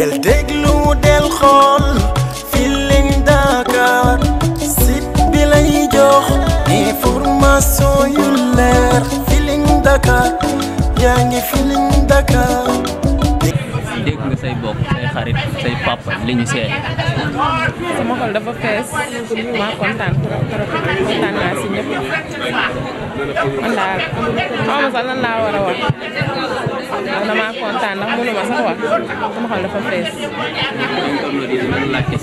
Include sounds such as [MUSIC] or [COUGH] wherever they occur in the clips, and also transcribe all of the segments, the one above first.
del déglu del xool Feeling Dakar site lay jox information yu leer Feeling Dakar yaa ngi Feeling Dakar dégg say bokk say xarit say papa li ñu seet sama xol dafa fees maa kontaan trop trop kontaan naa si ñëpp man daal xaw ma sax war a wax man damaa kontaan ndax mënuma sax wax sama xol dafa fees.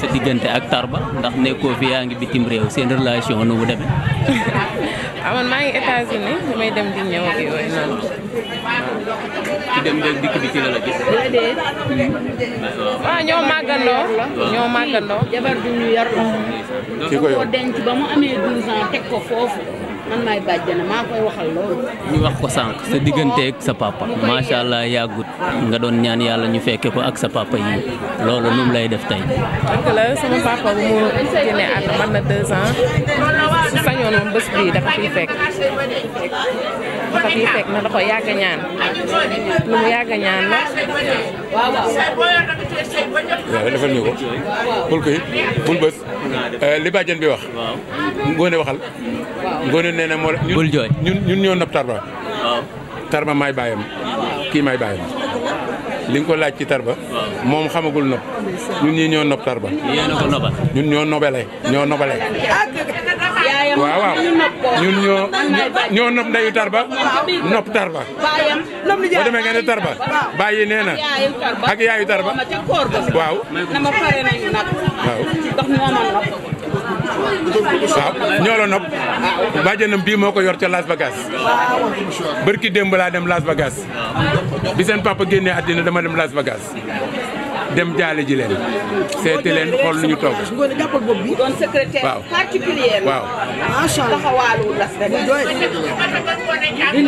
sa diggante ak Tarba ndax nekkoo fi yaa ngi bitim réew seen relation nu mu demee. [LAUGHS] Ah, maa ngi États-Unis damay dem di ñëw ak yooyu noonu. la waaw ah, ñoo màggandoo. ñoo màggandoo. jabar bu ñu yar ko. kii ko denc ba mu amee 12 ans teg ko foofu. man maay bàjjana maa koy waxal loolu. ñu wax ko sànq sa digganteeg sa papa macha allah yàggut nga doon ñaan yàlla ñu fekke ko ak sa papa yi loolu nu mu lay def tey. dëgg la sama sañoon moom bés dafa fiy fekk na da yàgg ñaan lu mu yàgg ñaan la waaw ko bul ko bës euh, li bàjjen bi wax. waaw waxal nee na moo. bul jooy ñun ñoo nopp Tarba. Tarba maay bàyyam kii maay bàyyam li ko laaj ci Tarba. moom xamagul nopp. ñun ñii ñoo nopp Tarba. ñun ñoo nobale ñoo nobale. waaw waaw ñun ñoo ñoo nopp ndeyu Tarba nopp Tarba boo demee nga ne Tarba bàyyi nee na ak yaayu Tarba waaw. waaw ñoo la nopp bàjjenam bii moo ko yor ca Las Vegas bërki démb laa dem Las Vegas bi seen papa génnee àddina dama dem Las Vegas dem jaale ji leen seeti leen xool nu ñu toog doon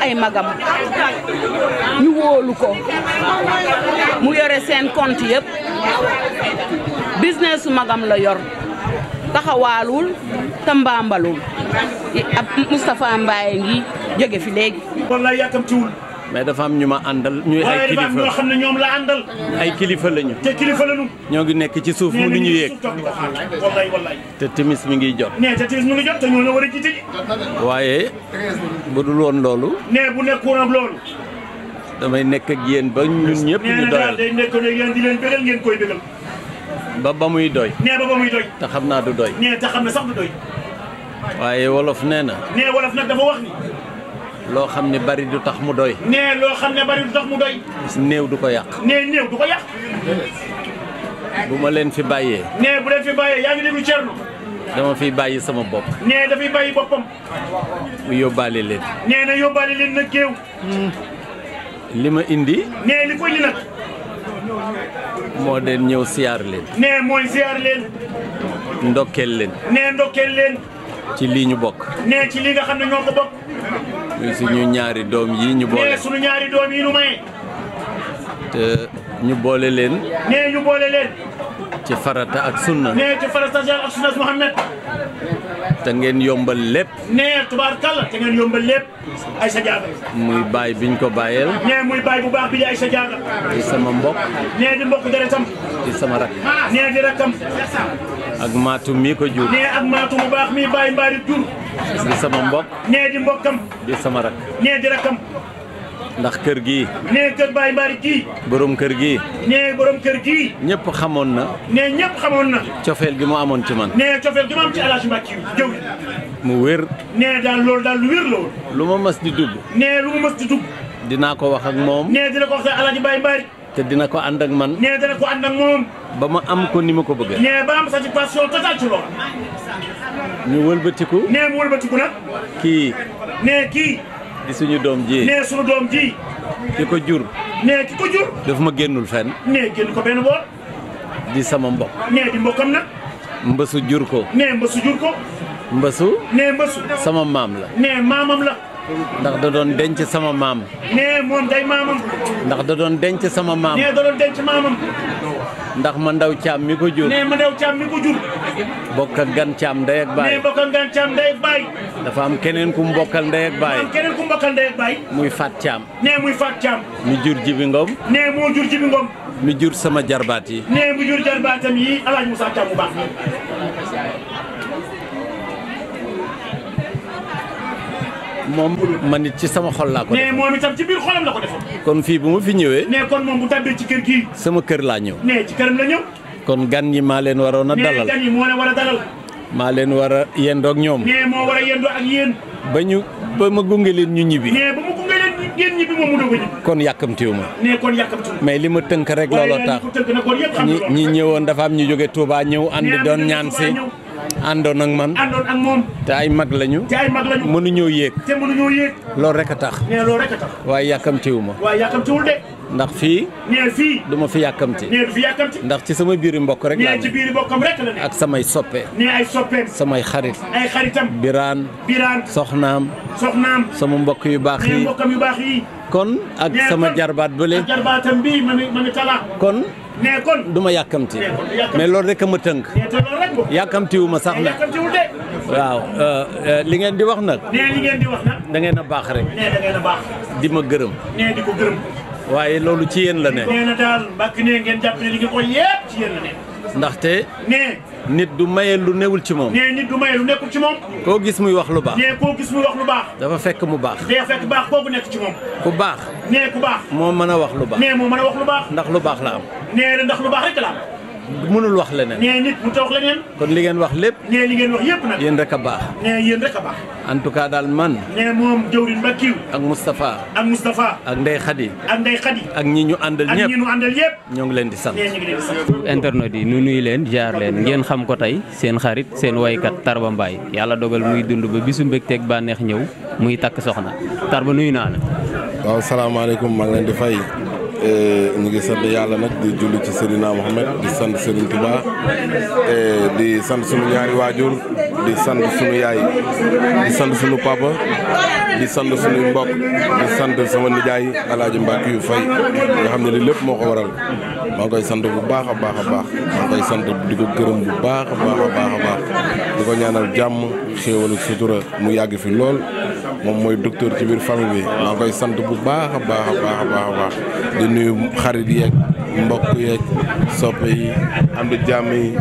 ay magam ñu wóolu ko mu yore seen compte yëpp business magam la yor taxawaalul te mbaambalul ab Moustapha Mbaye ngi jóge fi léegi. wallaay dafa am ñu ma àndal ñuy ay kilifa ñoo xam ne ñoom la àndal. ay kilifa lañu. te kilifa ñoo ngi nekk ci suuf mu ñu yéeg. te timis mi ngi jot. nee te timis mi la waaye bu dul woon loolu. nekkoon ak damay nekk ak yéen ba ñun ñëpp ñu doyal. nee daal day nekk ak yéen di leen bégal ngeen koy bégal. ba ba muy doy. nee ba ba muy doy. te xam naa du doy. nee xam ne sax waaye wolof nee na. nee wolof nag dafa wax ni. loo xam ne bari du tax mu doy. nee loo xam ne bari du tax mu doy. néew du ko yàq. nee néew du ko yàq. bu ma leen fi bàyyee. nee bu leen fi bàyyee yaa ngi déglu Thierno. dama fiy bàyyi sama bopp. nee dafay bàyyi boppam. mu yóbbaale leen. nee na yóbbaale leen nag géew. li ma indi. nee li ko indi nag. moo den ñëw siyaar leen. nee mooy siyaar leen. ndokkeel leen. nee ndokkeel leen. ci lii ñu bokk. nee ci lii nga xam ne ñoo ko bokk. muy suñu ñaari doom yi ñu boole. nee suñu ñaari doom yi ñu may. te ñu boole leen. nee ñu boole leen. ci farata ak sunna. nee ci farata ak sunna Muhammad te ngeen yombal lépp. nee tubaarkalla te ngeen yombal lépp. ay sa jaaga. muy baay biñ ko bàyyeel. nee muy baay bu baax bi di ay sa jaaga. di sama mbokk. nee di mbokk deretam. di sama rak. nee di rakam. ak maatu mii ko jur. nee ak maatu bu baax mi bàyyi mbaari jur. di sama mbokk. nee di mbokkam. di sama rak. nee di rakam. ndax kër gi nee kër Baye Mbaari gii borom kër gi nee borom kër gi ñëpp xamoon na nee ñëpp xamoon na cofeel gi mu amoon ci man nee cofeel gi mu am ci Alaaji Mbàkke jëw mu wér nee daal loolu daal lu wér loolu lu ma mas di dugg nee lu ma mas di dugg dinaa ko wax ak moom nee dina ko wax ak Alaaji Baye Mbaari te dina ko ànd ak man nee dina ko moom ba ma am ko ni ma ko bëggee nee ba am satisfaction totale ci loolu ñu wëlbatiku nee mu wëlbatiku nag kii nee di suñu doom ji nee suñu doom ji ki ko jur nee ki ko jur daf ma génnul fenn nee génn ko benn boor di sama mbokk nee di mbokkam nag mbësu jur ko mbësu nee mbësu sama maam la nee maamam la ndax da doon denc sama maam nee moom day maamam ndax da doon denc sama maam ndax ma ndaw caam mi ko jur nee bokk gan caam day gan caam day ak baay dafa keneen ku mbokkal ndey ak baay. am keneen ku mbokkal ndey ak baay. muy Fat Thiam. nee muy Fat Thiam. mi jur Jibi Ngom. nee moo jur Jibi Ngom. mi jur sama jarbaat yi. moom man it ci sama xol laa ko def. kon fii bu ma fi ñëwee. nee kon moom bu tàbbee ci kër gii. sama kër laa ñëw. nee ci këram la ñëw. kon gan yi maa leen waroon a dalal. maa leen war a yendoog ñoom. ba ñu ba gunge leen ñu ñibbi. kon yàkkamtiwu ma. nee mais li ma tënk rek looloo tax. ñi ñëwoon dafa am ñu jóge Touba ñëw ànd doon ñaan si. àndoon ak man te ay mag lañu. te ay mag mënuñoo yéeg. te loolu rek a tax. nee waaye yàkkamtiwu ma. ndax fii. nee fi yàkkamti. ndax ci sama biiri mbokk rek. laa ak samay soppe. samay xarit. ay xaritam. biraan. soxnaam. soxnaam. sama mbokk yu baax yi kon ak sama jarbaat bële. kon. ne du ma yàkkamti mais loolu rek a ma tënk yàkkamtiwu ma sax nag waaw euh, euh, li ngeen di wax nag ne a baax rek di ma gërëm waaye loolu ci yéen la ne nee ci la ne ndaxte. nee. nit du maye lu newul ci moom. nee nit du maye lu nekkul ci moom. koo gis muy wax lu baax. nee koo gis muy wax lu baax. dafa fekk mu baax. day fekk baax kooku nekk ci moom. ku baax. nee ku baax. moo mën a wax lu baax. nee moo mën a wax lu baax. ndax lu baax la am. nee ndax lu baax rek la mënul wax leneen. kon li ngeen wax lépp. nee li a baax. nee tout cas daal man. nee moom jëwriñ Makiw. ak Moustapha. ak Moustapha. ak Ndeye Khady. ak ñii ñu àndal ñëpp ñoo ngi leen di sant. internet yi nu nuy leen jaar leen ngeen xam ko tey seen xarit seen waykat Tarba mbaay yàlla dogal muy dund ba bisu mbégteeg bànneex ñëw muy takk soxna Tarba nuyu naa la. waaw salaamaaleykum maa leen di fay Eh, ñu ngi sant yàlla nag di julli ci Seydina Mohamed di sant Serigne Touba eh, di sant sunu ñaari waajur di sant sunu yaay di sant suñu papa di sant suñuy mbokk di sant sama nijaay El Hadj Mbacke yu fay nga xam ne li lépp moo ko waral moo koy sant bu baax a baax a baax maa koy sant di ko gërëm bu baax a baax a baax di ko ñaanal jàmm xéewal sutura mu yàgg fi lool. moom mooy docteur ci biir famille bi maa koy sant bu baax a baax a baax a baax di nuyu xarit yeeg mbokk yeeg soppe yi am jàmm yi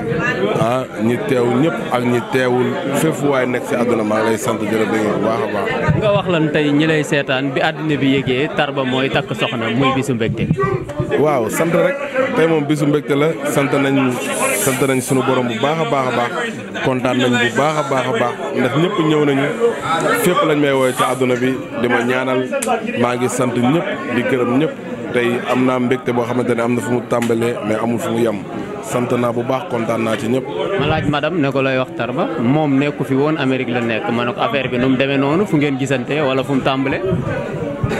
ah ñi teew ñëpp ak ñi teewul fépp waaye nekk si àdduna maa ngi lay sant jërëjëf bu baax a baax. nga wax lan tey ñi lay seetaan bi àdduna bi yëgee Tarba mooy takk soxna muy bisu mbégte. waaw sant rek tey moom bisu mbégte la sant nañ sant nañ sunu borom bu baax a baax a baax kontaan nañ bu baax a baax a baax ndax ñëpp ñëw nañu fépp lañ may woowee ci àdduna bi di ma ñaanal maa ngi sant ñëpp di gërëm ñëpp. tey am naa mbégte boo xamante ne am na fu mu tàmbalee mais amul fu mu yem sant naa bu baax kontaan naa ci ñëpp. ma laaj madame ne ko lay wax Tarba moom nekku fi woon Amérique la nekk ma ne bi nu demee noonu fu ngeen gisante wala fu mu tàmbalee.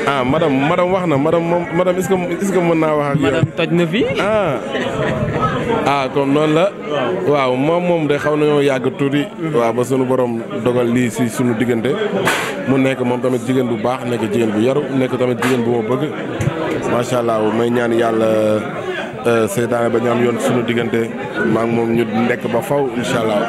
ah madame wax na madame moom madame est-ce mën naa wax ak yow. na fi. ah, ah noonu la. waaw moom moom de xaw nañoo yàgg tuuti. Mhm. waaw ba sunu borom dogal lii si sunu diggante. mu nekk moom tamit jigéen bu baax nekk jigéen bu yaru nekk tamit jigéen bu ma bëgg. macha allah may ñaan yàlla euh, seytaane ba ñu am yoon sunu diggante maa moom ñu nekk ba faw incha allah.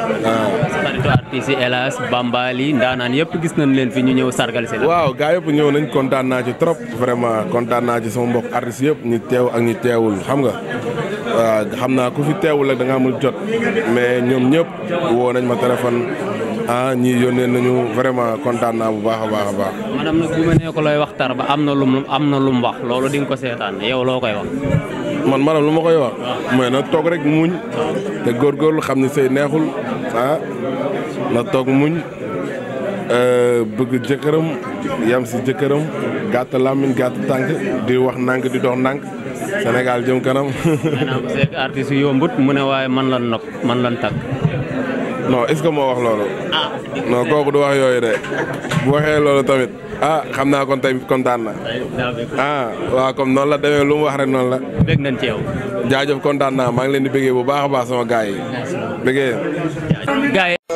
xaritu artiste Elaj Bambali ndaanaan yëpp gis nañ leen fi ñu ñëw sargal si la. waaw gaa yëpp ñëw nañ kontaan naa ci trop vraiment kontaan naa ci sama mbokk artiste yëpp ñu teew ak ñu teewul xam nga. waaw xam naa ku fi teewul ak da nga amul jot mais ñoom ñëpp woo nañ ma téléphone. ah ñii yónnee nañu vraiment kontaan naa bu baax a baax a baax. maanaam nag bu nee ko looy wax tar ba am na lum am na lum wax loolu di nga ko seetaan yow loo koy wax. man maanaam lu ma koy wax. Ah. mooy na toog rek muñ. Ah. te góorgóorlu xam ni say neexul ah na toog muñ euh, bëgg jëkkëram yam si jëkkëram gàtt làmmiñ gàtt tànk di wax nànk di dox nànk Sénégal jëm kanam. [LAUGHS] maanaam c'est artiste yombut mu ne waaye man lan nopp man lañ tàkk. non est-ce que moo wax loolu. ah non kooku du wax yooyu de bu waxee loolu tamit ah xam naa kon tamit kontaan na. ah waaw comme noonu la demee lu mu wax rek noonu la. bëgg nañ ci yow. jaajëf kontaan naa maa ngi leen di bëggee bu baax a baax sama gaay yi.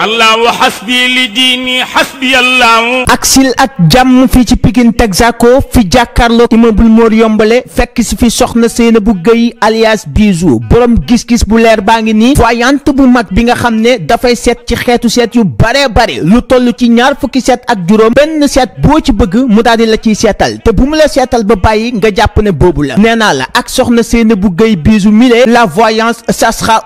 allahu hasbi li diini hasbi allahu aksil ak jàmm fii ci Pikine Texaco fi jàkkaarloo immeuble Mor Yombale fekk si fi soxna Seynabou Gueye alias Bijou borom gis-gis bu leer baa ngi nii voyante bu mag bi nga xam ne dafay seet ci xeetu seet yu bare bare lu toll ci ñaar fukki seet ak juróom benn seet boo ci bëgg mu daal di la ciy seetal te bu mu la seetal ba bàyyi nga jàpp ne boobu la nee naa la ak soxna Seynabou Gueye Bijou mi la voyance ça sera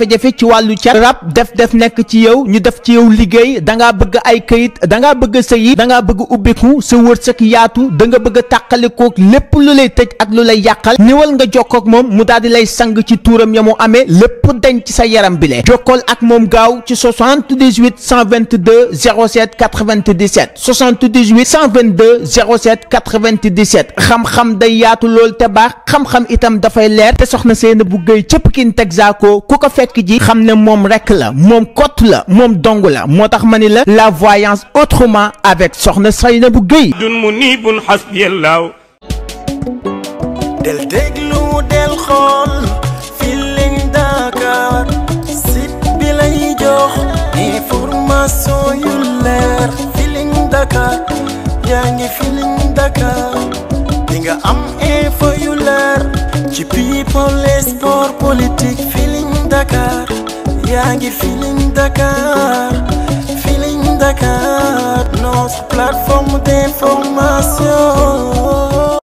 jafe-jafe ci wàllu cat rab def def nekk ci yow ñu def ci yow liggéey dangaa bëgg ay këyit dangaa bëgg a sëyi danga bëgg ubbiku sa wërsëg yaatu da nga bëgg a tàqalikoog lépp lu lay tëj ak lu lay yàqal niwal nga jokkoog moom mu daal di lay sang ci tuuram ya mu amee lépp dañ ci sa yaram bi le jokkool ak moom gaaw ci 78 122 07 97 78 122 07 97 xam-xam day yaatu lool te baax xam-xam itam dafay leer te soxna seen bu gëy cëpp kin teg zaako ku ko fekk fekk ji xam ne moom la moom kott moom dong moo tax ma la la voyance autrement avec soxna Seynabou Guèye dun mu del déglu del xool Feeling Dakar site bi jox information yu leer Feeling Dakar yaa ngi Dakar di am info yu ci people et sport politique Feeling Dakar yaa ngi Feeling Dakar Feeling Dakar notre plateforme d'information